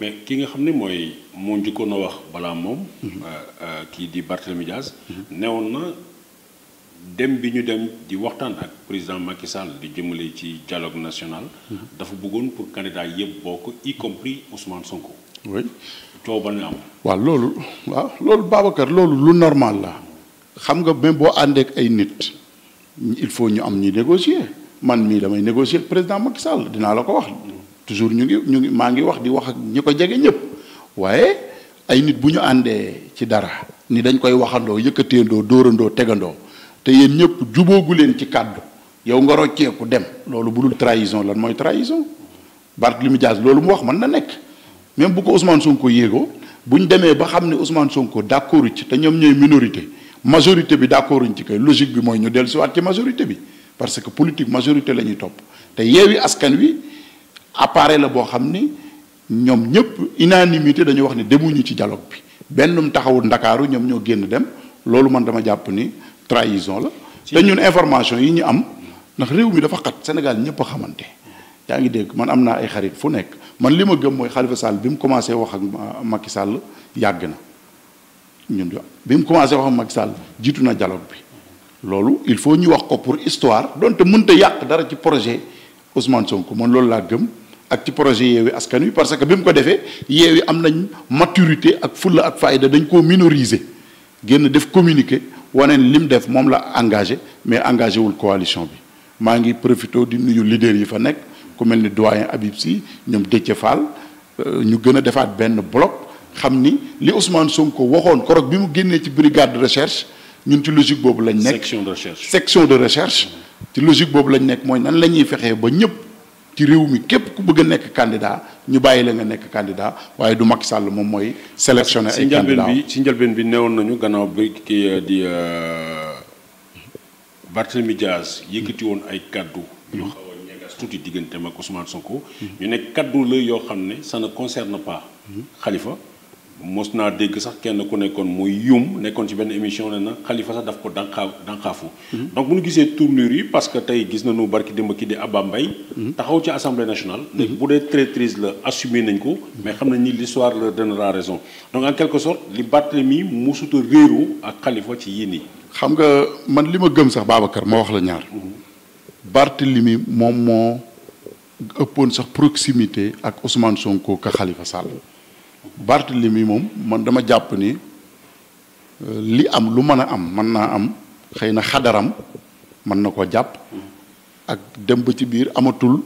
mais ki nga xam ne mooy moo njëkkoon a wax balaa moom. Euh, euh, kii di Barthélemy Diaz. newoon na dem bi ñu dem di waxtaan ak président Macky Sall di jëmale ci dialogue national. dafa bëggoon pour candidat yëpp bokk y compris Ousmane Sonko. oui coow ba ñu am. waaw loolu waaw loolu Babacar loolu lu normal la xam nga même boo àndeek ay nit il faut ñu am ñuy négocier man mii damay négocier président Macky Sall dinaa la ko wax. toujours ñu ngi ñu ngi maa ngi wax di wax ak ñi ko jege ñëpp waaye ay nit bu ñu àndee ci dara ni dañ koy waxandoo yëkkateendoo dóorandoo tegandoo te yéen ñëpp juboogu leen ci kàddu yow nga rocceeku dem loolu bu dul lan mooy trahison Barthélémy Dias loolu mu wax mën na nekk même bu ko Ousmane Sonko yéegoo bu ñu demee ba xam ne Ousmane Sonko d'accord ci te ñoom ñooy minorité majorité bi d'accord ci kay logique bi mooy ñu dellusiwaat ci majorité bi parce que politique majorité la ñuy topp askan wi appareil la boo xam ni ñoom ñëpp unanimité dañu wax ne demuñu ci dialogue bi bennum taxawul ndakaaru ñoom ñoo génn dem loolu man dama jàpp ni trahison la te ñun information yi ñu am ndax réew mi dafa xat Sénégal ñëpp xamante yaa ngi dégg man am naa ay xarit fu nekk man li ma gëm mooy Khalifa Sall bi mu commencé wax ak Macky sàll yàgg na ñun bi mu commencé wax ak Macky Sall jiitu na dialogue bi loolu il faut ñu wax ko pour histoire donte mënta yàq dara ci projet Ousmane Sonko mon la gëm ak ci projet yewi Askan parce que ko maturité ak ak fayda dañ minoriser def communiqué il lim def mom la engagé mais engagé une coalition bi ma ngi profité di nuyu leader yi fa ku doyen Habib euh, bloc li Ousmane Sonko waxone ci brigade de recherche ñun ci logique section de recherche section de recherche ci logique boobu lañ nekk mooy nan la ñuy fexee ba ñëpp ci réew mi képp ku bëgg a nekk candidat ñu bàyyi la nga nekk candidat waaye du Macky sàll moom mooy sélectionner ay candidat si njëlbeen bi neewoon nañu gannaaw bi euh, di euh, Barthélemy Diaz yëkkati woon ay kaddu yu mhm. xaw a ñegas tuuti ñu ne kaddu la yoo xam ne ça ne concerne pas mhm. Khalifa mos naa dégg sax kenn ku nekkoon muy yum nekkoon ci benn émission ne na xalifa sax daf ko dànqaa dànqaafu mhm. donc bu ñu gisee tournure yi parce que tey gis nañu barki démb ki di Abba Mbaye mhm. taxaw ci assemblée nationale ne mhm. bu dee traîtrise la assumer nañ ko mais xam nañ ni l'histoire leur donnera raison donc en quelque sorte li Barthélemy musuta réeru ak xalifa ci yii xam nga man li ma gëm sax Babacar ma wax la ñaar Barthélemy moom moo ëppoon sax proximité ak Ousmane Sonko ka xalifa Sall Barthélemy mom man dama japp ni euh, li am lu meuna a am man am xeyna xadaram suis ko ak demb ci amatul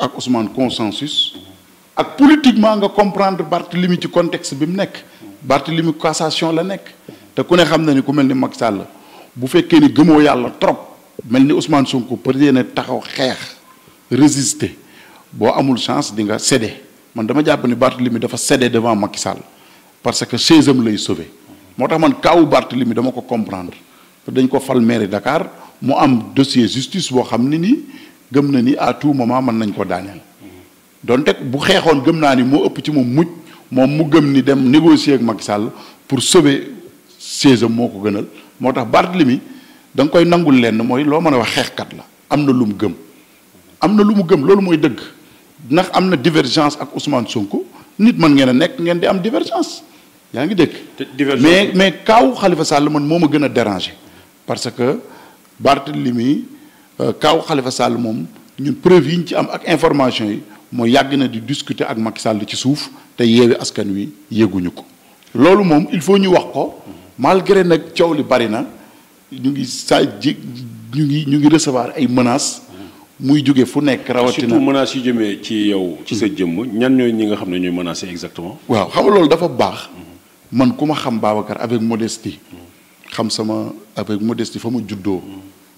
ak Ousmane consensus ak politiquement nga comprendre Barthélemy ci contexte suis nek nekk Barthélemy cassation la nek te ku ne ni ku melni je Macky Sall bu ni trop mel Ousmane Sonko peut taxaw résister bo amul chance di nga céder man dama japp ni Barthélemy dafa cédé devant Macky Sall parce que chaise am lay sauvé motax tax man kaawu Barthélemy dama ko comprendre dañ ko fal maire Dakar mu am dossier justice bo xamni ni nii gëm na ni à tout moment man nañ ko daaneel donte bu xeexoon gëm naa ni mo upp ci mom mujj mom mu gëm ni dem négocier ak Macky Sall pour sauver chaise am moko gënal motax tax Barthélemy da koy nangul lenn moy lo mën wax xex kat la amna na lu mu gëm am na lu mu gëm loolu mooy dëgg ndax amna divergence ak Ousmane Sonko nit man ngeena nek ngeen di am divergence yaa ngi mais mais kaw Khalifa Sall man moma gëna déranger. parce que Barthélemy euh, kaw Khalifa Sall mom ñun preuve yi ñu ci am ak information yi mo yag na di discuter ak Macky Sall ci souf te yewi askan wi yeguñu ko. lolu mom il faut ñu wax ko malgré nak ciow li bari na ñu ngi sa ñu ngi ñu ngi recevoir ay menaces. muy jóge fu nekk rawatina surtout menaces yu jëmee ci yow. ci sa jëmm ñan ñooy ñi nga xam ne ñooy menacé exactement. waaw xam loolu dafa baax. man ku ma xam Babacar avec modestie. xam sama avec modestie fa ma juddoo.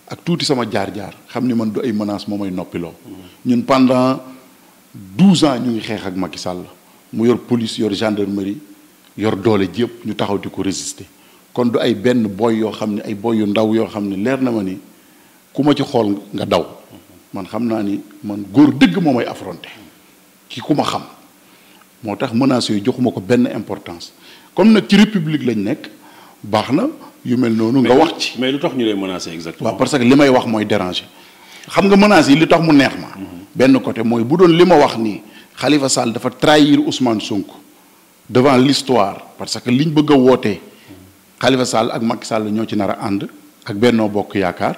ak tuuti sama jaar-jaar xam ni man du ay menaces moo may noppiloo. ñun pendant douze ans ñu ngi xeex ak Macky Sall mu yor police yor gendarmerie yor doole ji yëpp ñu taxaw di ko résister kon du ay benn boy yoo xam ne ay boy yu ndaw yoo xam ne leer na ma ni ku ma ci xool nga daw. man xam naa ni man góor dëgg moo may affronté ci ku ma xam moo tax menaces yooyu joxuma ko benn importance comme nag ci république lañ nekk baax na yu mel noonu. nga wax ci mais lu tax ñu lay menacer exactement. parce que li may wax mooy déranger xam nga menaces yi li tax mu neex ma. Mm-hmm. benn côté mooy bu doon li ma wax nii xalifa Sall dafa trahir Ousmane Sonko devant l'histoire parce que liñ bëgg a wootee xalifa Sall ak Macky Sall ñoo ci nar a ànd ak Benno Bokk Yaakaar.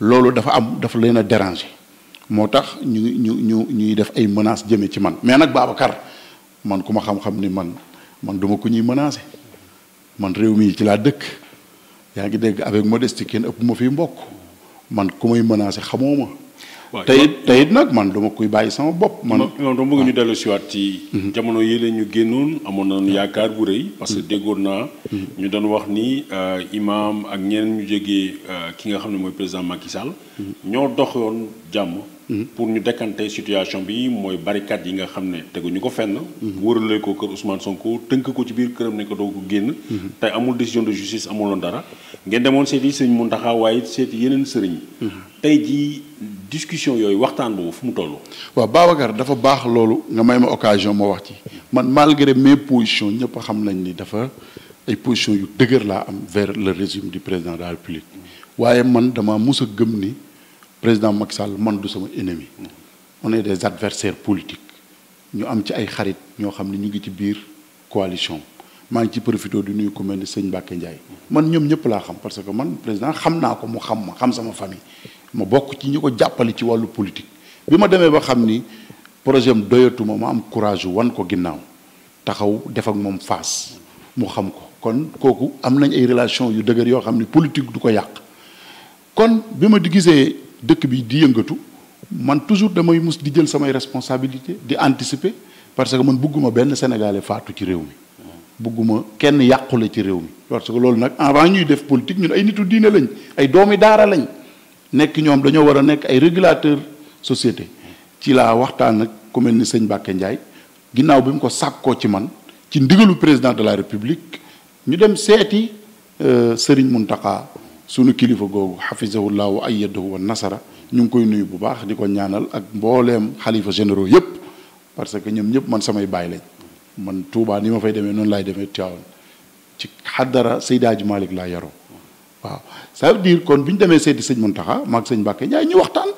loolu dafa am dafa leen a déranger moo tax ñu ñu ñu ñuy def ay menaces jëme ci man mais nag Babacar man ku ma xam-xam ni man man duma ku ñuy menacer man réew mi ci laa dëkk yaa ngi dégg avec modestie kenn ëpp ma fii mbokk man ku may menacer xamoo ma tayit it te man du koy kuy sama bop man non dama bëgg ñu ah. dellu wat ci. Mhm. jamono yi ñu génnoon amoon nañu yaakaar bu reuy parce que mhm. déggoon naa. Mhm. ñu doon wax ni euh, imam ak ñeneen ñu jógee euh, ki nga xam moy président Macky Sall. ño doxoon jamm pour nous décanter situation bi une barricade yi nga nous ne fait des nous que ko kër Ousmane Sonko nous ko ne décision de justice Nous discussion waxtaan fu mu choses. waaw Nous dafa nga occasion man malgré mes positions ñëpp xam nañ ni dafa positions yu vers le régime du président de la République mais man dama président Macky Sall man du sama ennemi on est des adversaires politiques ñu am ci ay xarit ñoo xamni ne ñu ngi ci biir coalition maa ngi ci profito di nuyu ku melni ni sëñ Mbacke Ndiaye man ñom ñep la xam parce que man président xam naa ko mu xam ma xam sama famille ma bokk ci ñi jappali ci walu politique Bima démé ba xamni projet am doyatuma ma am courage wan ko ginnaw. taxaw def ak mom face mu xam ko kon koku am nañ ay relation yu dëgër yo xamni politique du ko yàq kon bima di gisee dëkk bi di yëngatu man toujours damay mus di jël samay responsabilité di anticiper parce que man bugguma benn sénégalais faatu ci réew mi bugguma kenn yàqule ci réew mi parce que loolu nag avant ñuy def politique ñun ay nitu diine lañ ay doomi daara lañ nekk ñoom dañoo war a nekk ay régulateur société ci laa waxtaan nag ku mel ni sëñ Bakke Ndiaye ginnaaw bi mu ko sàkkoo ci man ci ndigalu président de la république ñu dem seeti mun euh, Mountakha sunu kilifa googu xafisahullah wa ayyadahu wa nasara ñu ngi koy nuyu bu baax di ko ñaanal ak mbooleem xalifa généraux yëpp parce que ñoom ñëpp man samay baay lañ man Touba ni ma fay demee noonu laay demee Tivaouane ci xaddara Seydi Hadji Malick laa yaroo waaw ça veut kon bi ñu demee seeti sëñ tax maag sëñ Mbacke Ndiaye ñu waxtaan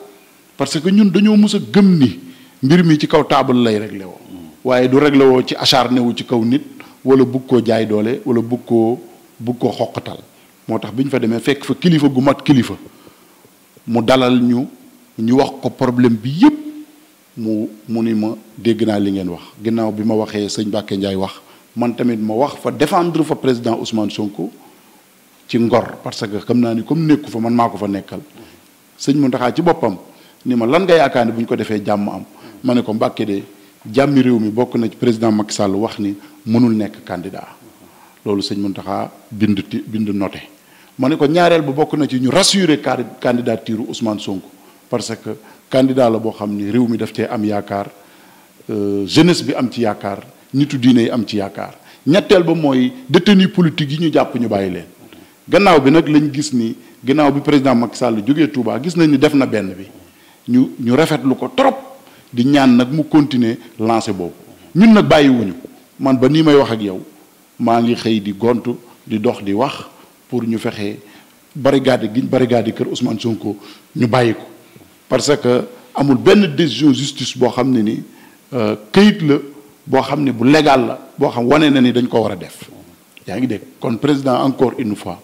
parce que ñun dañoo mës a gëm ni mbir mi ci kaw taabal lay réglé woo waaye du réglé woo ci acharné wu ci kaw nit wala bugg koo jaay doole wala bugg koo bugg koo xoqatal moo tax bi ñu fa demee fekk fa kilifa gu mat kilifa mu dalal ñu ñu wax ko problème bi yépp mu mu ni ma dégg naa li ngeen wax ginnaaw bi ma waxee sëñ Mbacke Ndiaye wax man tamit ma wax fa défendre fa président Ousmane Sonko ci ngor parce que xam naa ni comme nekku fa man maa ko fa nekkal sëñ Mountakha ci boppam ni ma lan nga yaakaar ne bu ko defee jàmm am ma ne ko Mbacke de jàmmi réew mi bokk na ci président Macky Sall wax ni mënul nekk candidat loolu sëñ Mountakha bind ti bind noté ma ne ko ñaareel ba bokk na ci ñu rassurer candidature Ousmane Sonko parce que candidat la boo xam ni réew mi def cee am yaakaar euh, jeunesse bi am ci yaakaar nitu diine yi am ci yaakaar ñetteel ba mooy détenu politique yi ñu jàpp ñu bàyyi leen gannaaw bi nag lañ gis ni gannaaw bi président mag Sall jóge Touba gis nañ ni def na benn bi ñu ñu rafetlu ko trop di ñaan nag mu continuer lancé boobu ñun nag bàyyiwuñu man ba nii may wax ak yow maa ngi xëy di gontu di dox di wax pour ñu fexe barricade gi barricade kër Ousmane Sonko ñu bàyyi ko parce que amul benn décision justice boo xam ne ni euh, kayit la boo xam ne bu légal la boo xam wanee na ni dañ ko war a def yaa ngi dégg kon président encore une fois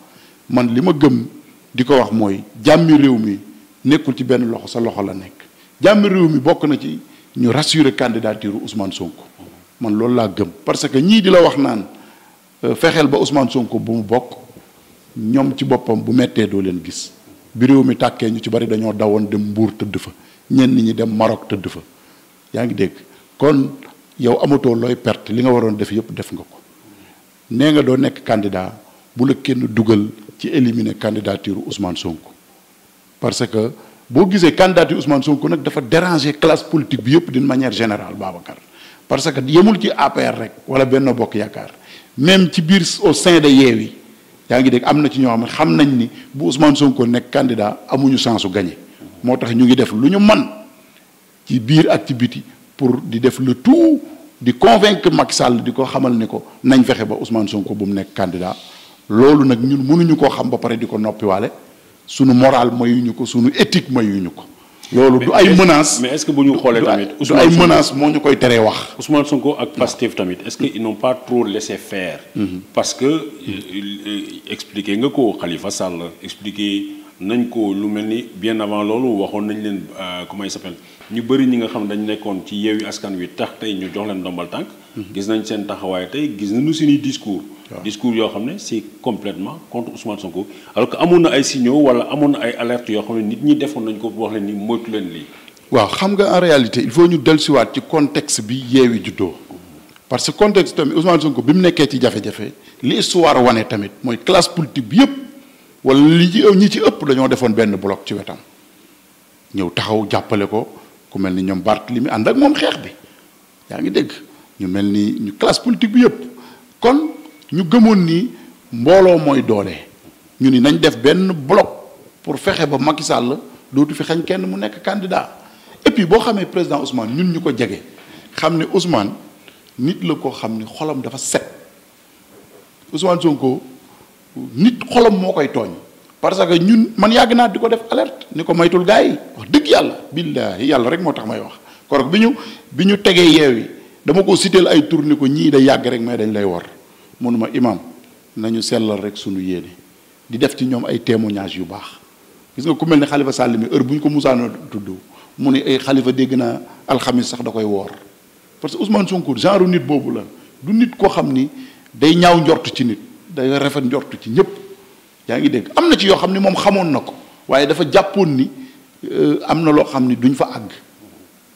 man li ma gëm di ko wax mooy jàmmi réew mi nekkul ci benn loxo sa loxo la nekk jàmmi réew mi bokk na ci ñu rassurer candidature Ousmane Sonko man loolu laa gëm parce que ñii di la wax naan euh, fexeel ba ausman Sonko bu mu bokk ñoom ci boppam bu mettee doo leen gis bi réew mi tàkkee ñu ci bari dañoo dawoon dem Mbuur tëdd fa ñenn ñi dem Maroc tëdd fa yaa ngi dégg kon yow amatoo looy perte li nga waroon def yëpp def nga ko nee nga doo nekk candidat bu la kenn dugal ci élimine candidature Ousmane Sonko parce que boo gisee candidature Ousmane Sonko nag dafa déranger classe politique bi yëpp d'une manière général Babacar parce que yemul ci APR rek wala benn bokk yaakaar même ci biir au sein de Yewwi yaa ngi dégg am na ci ñoo xam ne xam nañ ni bu Ousmane Sonko nekk candidat amuñu chance su gagné moo tax ñu ngi def lu ñu man ci biir ak ci biti pour di def le tout di convaincre mag sàll di ko xamal ni ko nañ fexe ba Ousmane Sonko bu mu nekk candidat loolu nag ñun mënuñu koo xam ba pare di ko noppiwaale sunu yu ñu ko suñu sunu yu ñu ko. loolu du ay menaces mais est-ce que buñu xolé tamit. ay menaces moo ñu koy wax. Ousmane Sonko ak Pastef tamit est-ce que ils n'ont pas trop laissé faire. Mm-hmm. parce que euh, expliquer nga ko Khalifa Sall expliquer nañ ko lu melni bien avant loolu waxon nañ len euh, comment il s'appelle ñu bari ñi nga xam dañ nekkoon ci yeewi askan wi tax tay ñu jox len ndombal tank gis nañ seen taxawaay tey gis nañu suñuy discours. discours yoo xam ne c' est complètement contre Ousmane Sonko alors que amoon na ay signaux wala amoon na ay alertes yoo xam ne nit ñi defoon nañ ko wax leen ni moytu leen lii. waaw xam nga en réalité il faut ñu dellusiwaat ci contexte bi yeewi juddoo parce que contexte tamit Ousmane Sonko bi mu nekkee ci jafe-jafe li histoire wane tamit mooy classe politique bi yëpp wala li ci ñi ci ëpp dañoo defoon benn bloc ci wetam ñëw taxaw jàppale ko ku mel ni ñoom Barthélémy ànd ak moom xeex bi yaa ngi dégg. ñu mel ni ñu classe politique bi kon ñu gëmoon ni mbooloo mooy doole ñu ni nañ def benn bloc pour fexe ba Macky Sall dootu fi xañ kenn mu nekk candidat et puis boo xamee président Ousmane ñun ñu ko jege Ousmane nit la ko xam ne xolam dafa set Ousmane Sonko nit xolam moo koy tooñ parce que ñun man yàgg naa di ko def alerte ni ko maytul gars yi wax dëgg yàlla billahi yàlla rek moo may wax korog bi ñu bi ñu dama ko sitel ay tur ni ko ñi da yag rek may dañ lay war munuma imam nañu sellal rek sunu yéene di def ci ñom ay témoignage yu bax gis nga ku melni khalifa sallimi heure buñ ko musa na tuddu muni eh, ay deg na al khamis sax da koy wor parce que Ousmane Sonko genre nit bobu la du nit ko xamni ni day ñaaw njort ci nit day rafet njort ci ñëpp yaangi deg amna ci yo xamni mom xamone nako waye dafa ni euh, amna lo xamni duñ fa ag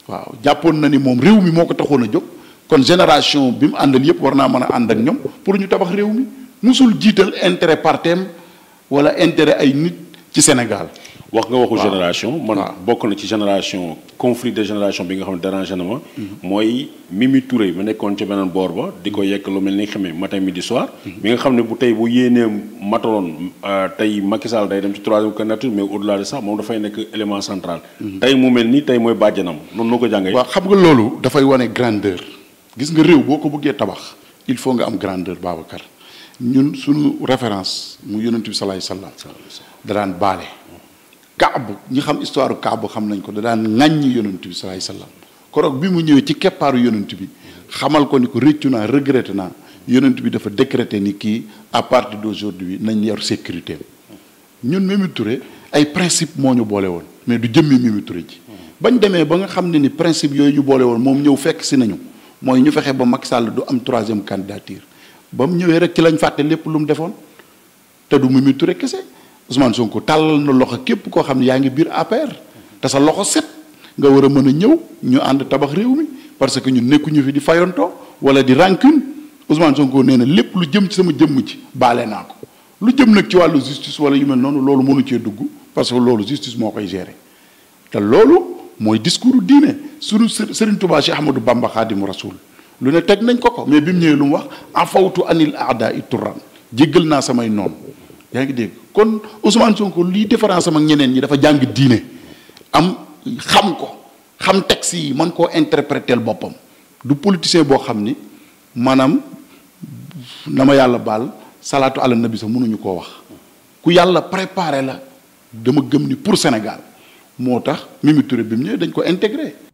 waaw jàppoon na ni mom rew mi moko taxona taxoon kon génération bi mu àndal yëpp war naa mën a ànd ak ñoom pour ñu tabax réew mi musul jiital intérêt partem wala intérêt ay nit ci Sénégal. wax nga waxu génération man bokk na ci génération conflit de génération bi nga xam ne dérangé na ma mhm. mooy Mimi Touré ma nekkoon ci beneen boor ba di ko yekk lu mel ni xamee matin midi soir mhm. mi nga xam ne bu tey bu yéenee mataloon euh, tey Macky Sall day dem ci troisième candidature mais au delà de ça moom dafay nekk élément central mhm. tey mu mel ni tey mooy bàjjanam noonu noo ko jàngee waaw xam nga loolu dafay wane grandeur gis nga réew boko ko bëggee tabax il faut nga am grandeur babacar ñun suñu référence mu yonent bi alayhi wasallam da daan balé kaab ñi xam histoire kaab xam nañ ko da daan ŋàññ yonent bi alayhi wasallam korok bi mu ñëw ci keppaaru yonent bi xamal ko ni ko réccu naa regretté na yonent bi dafa décréter ni ki à partir d'aujourd'hui nañ yor sécurité ñun même Touré ay principe moñu bolé won mais du jëmmé même Touré ci bañ démé ba nga xam ni principe yooyu ñu boole woon ñëw fekk ci nañu mooy ñu fexe ba mag sàll du am troisième candidature ba mu ñëwee rek ci lañ fàtte lépp lu mu defoon te du Mimi Touré kese Ousmane Sonko tàllal na loxo képp koo xam ne yaa ngi biir APR te sa loxo set nga war a mën a ñëw ñu ànd tabax réew mi parce que ñun nekkuñu fi di fayonto wala di rancune Ousmane Sonko nee na lépp lu jëm ci sama jëmm ci baale naa ko lu jëm nag ci wàllu justice wala yu mel noonu loolu mënu cee dugg parce que loolu justice moo koy gérer te loolu mooy discours diine. suñu Serigne Touba Cheikh Ahmadou Bamba Xaadimu Rasul lu ne teg nañ ko ko mais bi mu ñëwee lu mu wax afawtu anil aada i turan jéggal naa samay noonu yaa ngi dégg kon Ousmane Sonko lii différence am ak ñeneen ñi dafa jàng diine am xam ko xam texte yi man koo interpréter boppam du politicien boo xam ni maanaam na ma yàlla baal salaatu ala nabi sax mënuñu koo wax ku yàlla préparé la dama gëm ni pour Sénégal moo tax Mimi Touré bi mu ñëwee dañ ko intégré